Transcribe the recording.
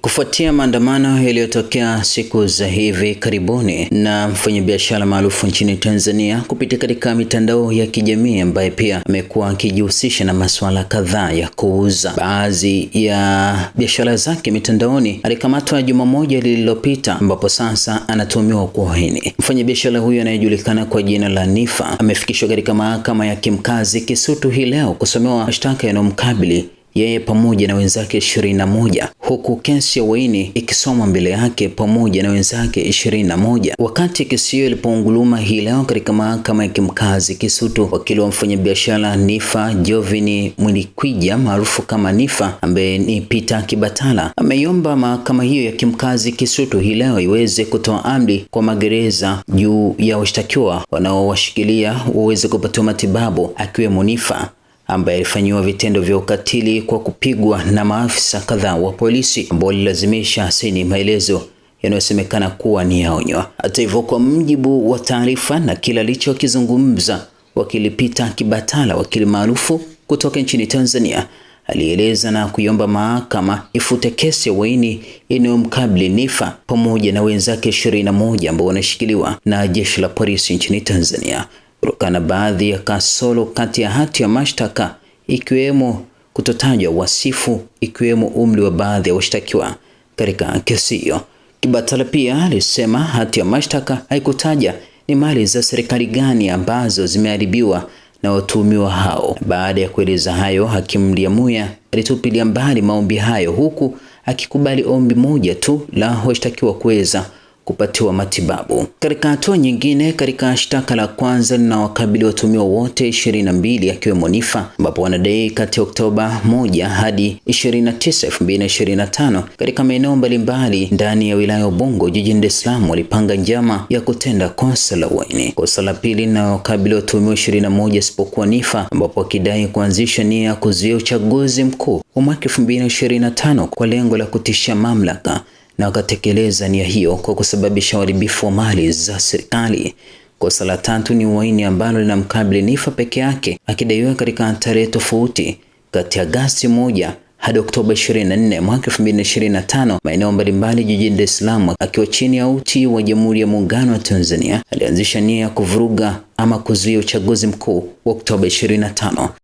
Kufuatia maandamano yaliyotokea siku za hivi karibuni na mfanyabiashara maarufu nchini Tanzania kupitia katika mitandao ya kijamii ambaye pia amekuwa akijihusisha na masuala kadhaa ya kuuza baadhi ya biashara zake mitandaoni, alikamatwa juma moja lililopita, ambapo sasa anatumiwa kwa uhaini. Mfanyabiashara huyo anayejulikana kwa jina la Nifa amefikishwa katika mahakama ya kimkazi Kisutu hii leo kusomewa mashtaka yanayomkabili yeye pamoja na wenzake ishirini na moja huku kesi ya waini ikisomwa mbele yake pamoja na wenzake ishirini na moja Wakati kesi hiyo ilipounguluma hii leo katika mahakama ya kimkazi Kisutu, wakili wa mfanyabiashara Nifa Jovini Mwilikwija maarufu kama Nifa ambaye ni Peter Kibatala ameiomba mahakama hiyo ya kimkazi Kisutu hii leo iweze kutoa amri kwa magereza juu ya washtakiwa wanaowashikilia waweze kupatiwa matibabu akiwemo Nifa ambaye alifanyiwa vitendo vya ukatili kwa kupigwa na maafisa kadhaa wa polisi ambao walilazimisha saini maelezo yanayosemekana kuwa ni yaonywa. Hata hivyo, kwa mjibu wa taarifa na kila alichokizungumza wakili Peter Kibatala, wakili maarufu kutoka nchini Tanzania, alieleza na kuiomba mahakama ifute kesi ya waini inayomkabili Niffer pamoja na wenzake 21 ambao wanashikiliwa na jeshi la polisi nchini Tanzania kutokana baadhi ya kasoro kati ya hati ya mashtaka ikiwemo kutotajwa wasifu ikiwemo umri wa baadhi ya washtakiwa katika kesi hiyo. Kibatala pia alisema hati ya mashtaka haikutaja ni mali za serikali gani ambazo zimeharibiwa na watuhumiwa hao. Baada ya kueleza hayo, hakimu Liamuya alitupilia mbali maombi hayo, huku akikubali ombi moja tu la washtakiwa kuweza kupatiwa matibabu. Katika hatua nyingine, katika shtaka la kwanza linawakabili watumiwa wote 22 akiwemo Niffer, ambapo wanadai kati ya Oktoba 1 hadi 29, 2025 katika maeneo mbalimbali ndani ya wilaya Ubungo jijini Dar es Salaam walipanga njama ya kutenda kosa la uhaini. Kosa la pili linawakabili watumiwa 21 isipokuwa Niffer, ambapo wakidai kuanzisha nia ya kuzuia uchaguzi mkuu wa mwaka 2025 kwa lengo la kutishia mamlaka na wakatekeleza nia hiyo kwa kusababisha uharibifu wa mali za serikali. Kosa la tatu ni uhaini ambalo linamkabili Niffer peke yake, akidaiwa katika tarehe tofauti kati ya Agasti moja hadi Oktoba 24 mwaka 2025 maeneo mbalimbali jijini Dar es Salaam, akiwa chini ya uti wa Jamhuri ya Muungano wa Tanzania alianzisha nia ya kuvuruga ama kuzuia uchaguzi mkuu wa Oktoba 25.